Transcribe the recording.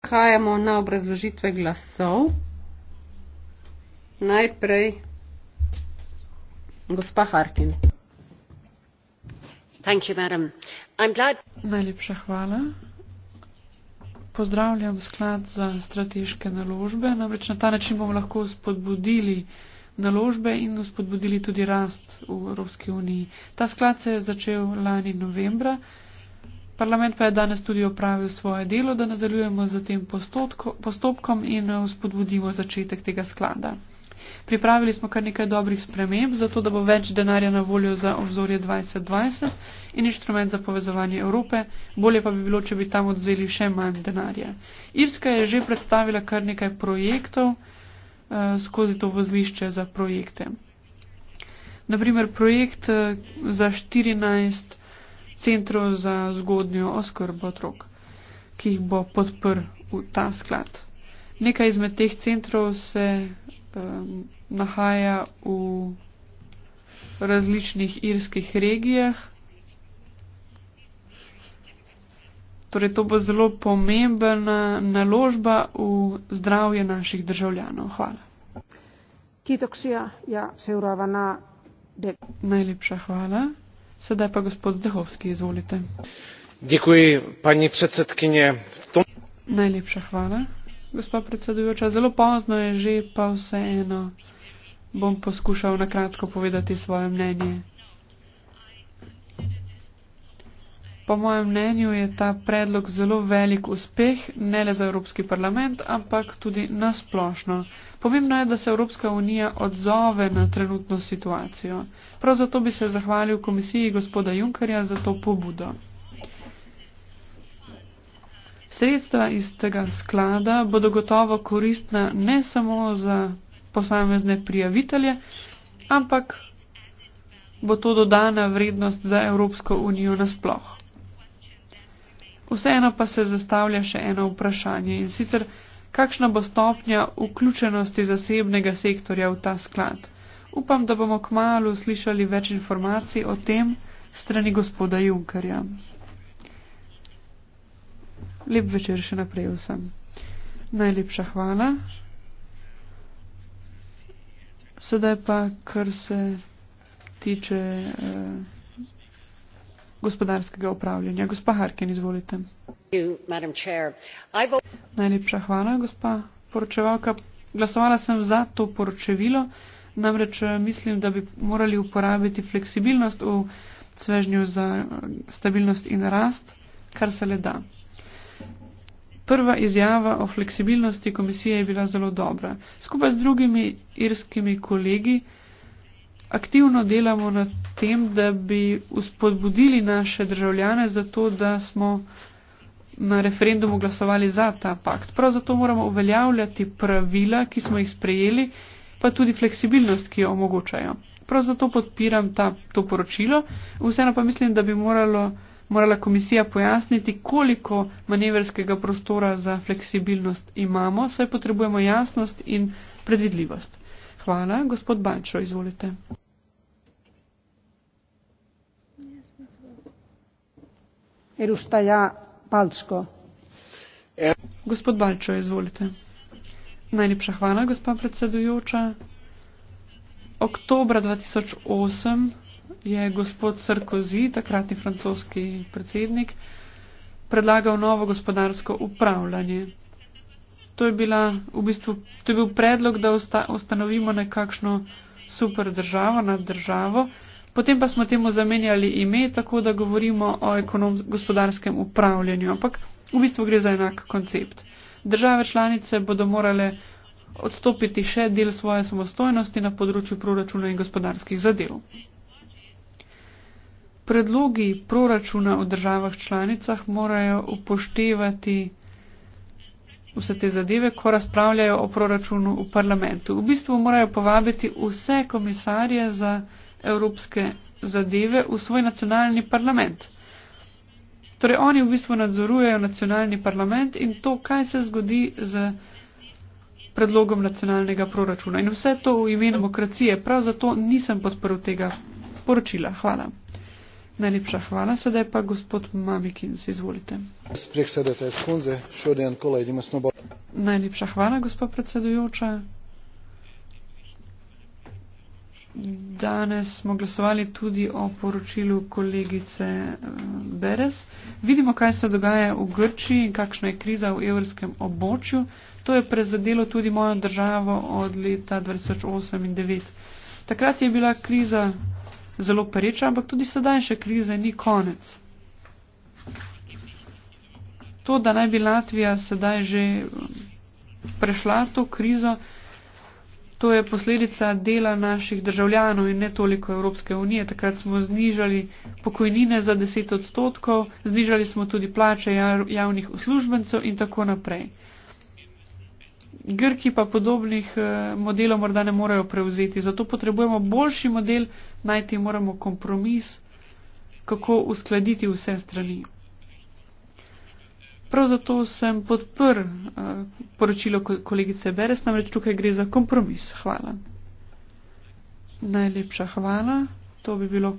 prehajamo na obrazložitve glasov. Najprej gospa Harkin. Thank you, madam. I'm glad... Najlepša hvala. Pozdravljam sklad za strateške naložbe. Namreč na ta način bomo lahko spodbudili naložbe in spodbudili tudi rast v Evropski uniji. Ta sklad se je začel lani novembra. Parlament pa je danes tudi opravil svoje delo, da nadaljujemo z tem postopkom in spodbudimo eh, začetek tega sklada. Pripravili smo kar nekaj dobrih sprememb, zato da bo več denarja na voljo za obzorje 2020 in inštrument za povezovanje Evrope, bolje pa bi bilo, če bi tam odzeli še manj denarja. Irska je že predstavila kar nekaj projektov eh, skozi to vozlišče za projekte. Naprimer projekt eh, za 14 centrov za zgodnjo oskrbo otrok, ki jih bo podprl v ta sklad. Nekaj izmed teh centrov se um, nahaja v različnih irskih regijah. Torej, to bo zelo pomembna naložba v zdravje naših državljanov. Hvala. Kitoksija, ja, se urava na. De. Najlepša hvala. Sedaj pa gospod Zdehovski, izvolite. Děkuji, paní předsedkyně. V tom... Najlepša hvala, gospod predsedujoča. Zelo pozno je že, pa vseeno bom poskušal nakratko povedati svoje mnenje. Po mojem mnenju je ta predlog zelo velik uspeh, ne le za Evropski parlament, ampak tudi nasplošno. Pomembno je, da se Evropska unija odzove na trenutno situacijo. Prav zato bi se zahvalil komisiji gospoda Junkarja za to pobudo. Sredstva iz tega sklada bodo gotovo koristna ne samo za posamezne prijavitelje, ampak bo to dodana vrednost za Evropsko unijo nasploh. Vseeno pa se zastavlja še eno vprašanje in sicer, kakšna bo stopnja vključenosti zasebnega sektorja v ta sklad. Upam, da bomo kmalo slišali več informacij o tem strani gospoda Junkarja. Lep večer še naprej vsem. Najlepša hvala. Sedaj pa, kar se tiče. Eh, gospodarskega upravljanja. Gospa Harkin, izvolite. Najlepša hvala, gospa poročevalka. Glasovala sem za to poročevilo, namreč eh, mislim, da bi morali uporabiti fleksibilnost v svežnju za eh, stabilnost in rast, kar se le da. Prva izjava o fleksibilnosti komisije je bila zelo dobra. Skupaj z drugimi irskimi kolegi aktivno delamo na tem, da bi uspodbudili naše državljane za to, da smo na referendumu glasovali za ta pakt. Prav zato moramo uveljavljati pravila, ki smo jih sprejeli, pa tudi fleksibilnost, ki jo omogočajo. Prav zato podpiram ta, to poročilo, vseeno pa mislim, da bi moralo, morala komisija pojasniti, koliko manevrskega prostora za fleksibilnost imamo, saj potrebujemo jasnost in predvidljivost. Hvala. Gospod Bančo, izvolite. Eruštaja Palčko. Gospod Balčo, izvolite. Najlepša hvala, gospod predsedujoča. Oktobra 2008 je gospod Sarkozy, takratni francoski predsednik, predlagal novo gospodarsko upravljanje to je, bila, v bistvu, to je bil predlog, da osta, ustanovimo nekakšno super državo nad državo. Potem pa smo temu zamenjali ime, tako da govorimo o gospodarskem upravljanju, ampak v bistvu gre za enak koncept. Države članice bodo morale odstopiti še del svoje samostojnosti na področju proračuna in gospodarskih zadev. Predlogi proračuna v državah članicah morajo upoštevati vse te zadeve, ko razpravljajo o proračunu v parlamentu. V bistvu morajo povabiti vse komisarje za evropske zadeve v svoj nacionalni parlament. Torej, oni v bistvu nadzorujejo nacionalni parlament in to, kaj se zgodi z predlogom nacionalnega proračuna. In vse to v imenu demokracije. Prav zato nisem podprl tega poročila. Hvala. Najlepša hvala. Sedaj pa gospod Mamikins, izvolite. Najlepša hvala, gospod predsedujoča. Danes smo glasovali tudi o poročilu kolegice eh, Beres. Vidimo, kaj se dogaja v Grčiji in kakšna je kriza v evrskem obočju. To je prezadelo tudi mojo državo od leta 2008 in 2009. Takrat je bila kriza zelo pereča, ampak tudi sedaj še krize ni konec. To, da naj bi Latvija sedaj že um, prešla to krizo, to je posledica dela naših državljanov in ne toliko Evropske unije. Takrat smo znižali pokojnine za 10 odstotkov, znižali smo tudi plače javnih uslužbencev in tako naprej. Grki pa podobnih eh, modelov morda ne morejo prevzeti. Zato potrebujemo boljši model, najti moramo kompromis, kako uskladiti vse strani. Prav zato sem podprl eh, poročilo kolegice Beres, namreč tukaj gre za kompromis. Hvala. Najlepša hvala. To bi bilo.